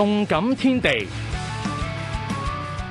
動感天地，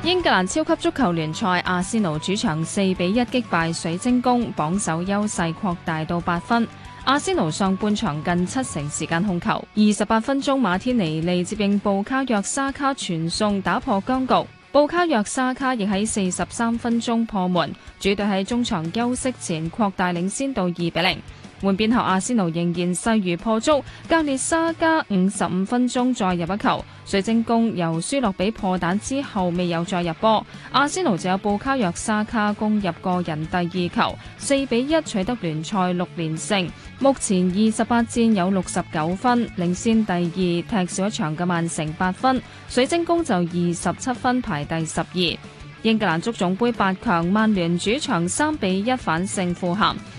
英格蘭超級足球聯賽，阿仙奴主場四比一擊敗水晶宮，榜首優勢擴大到八分。阿仙奴上半場近七成時間控球，二十八分鐘馬天尼利接應布卡約沙卡傳送打破僵局，布卡約沙卡亦喺四十三分鐘破門，主隊喺中場休息前擴大領先到二比零。換邊後，阿仙奴仍然勢如破竹，格列沙加五十五分鐘再入一球。水晶宮由舒洛比破蛋之後，未有再入波。阿仙奴就有布卡約沙卡攻入個人第二球，四比一取得聯賽六連勝。目前二十八戰有六十九分，領先第二踢少一場嘅曼城八分。水晶宮就二十七分排第十二。英格蘭足總盃八強，曼聯主場三比一反勝富咸。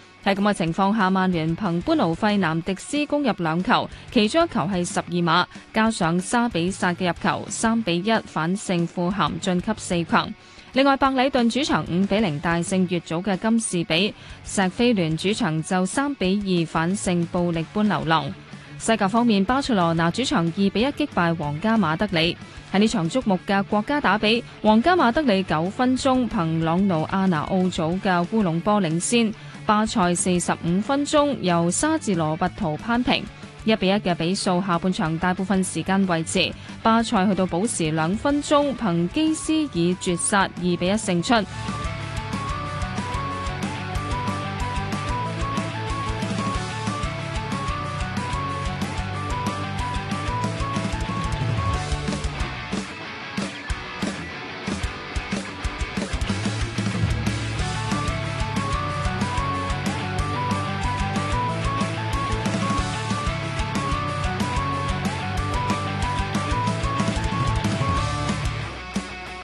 喺咁嘅情況下，曼聯憑班奴費南迪斯攻入兩球，其中一球係十二碼，加上沙比薩嘅入球，三比一反勝富咸，晉級四強。另外，白禮頓主場五比零大勝乙組嘅金士比，錫菲聯主場就三比二反勝布力般流浪。西甲方面，巴塞羅那主場二比一擊敗皇家馬德里。喺呢場矚目嘅國家打比，皇家馬德里九分鐘憑朗奴阿拿奧祖嘅烏龍波領先。巴塞四十五分鐘由沙治羅拔圖扳平一比一嘅比數，下半場大部分時間維持。巴塞去到補時兩分鐘，憑基斯以絕殺二比一勝出。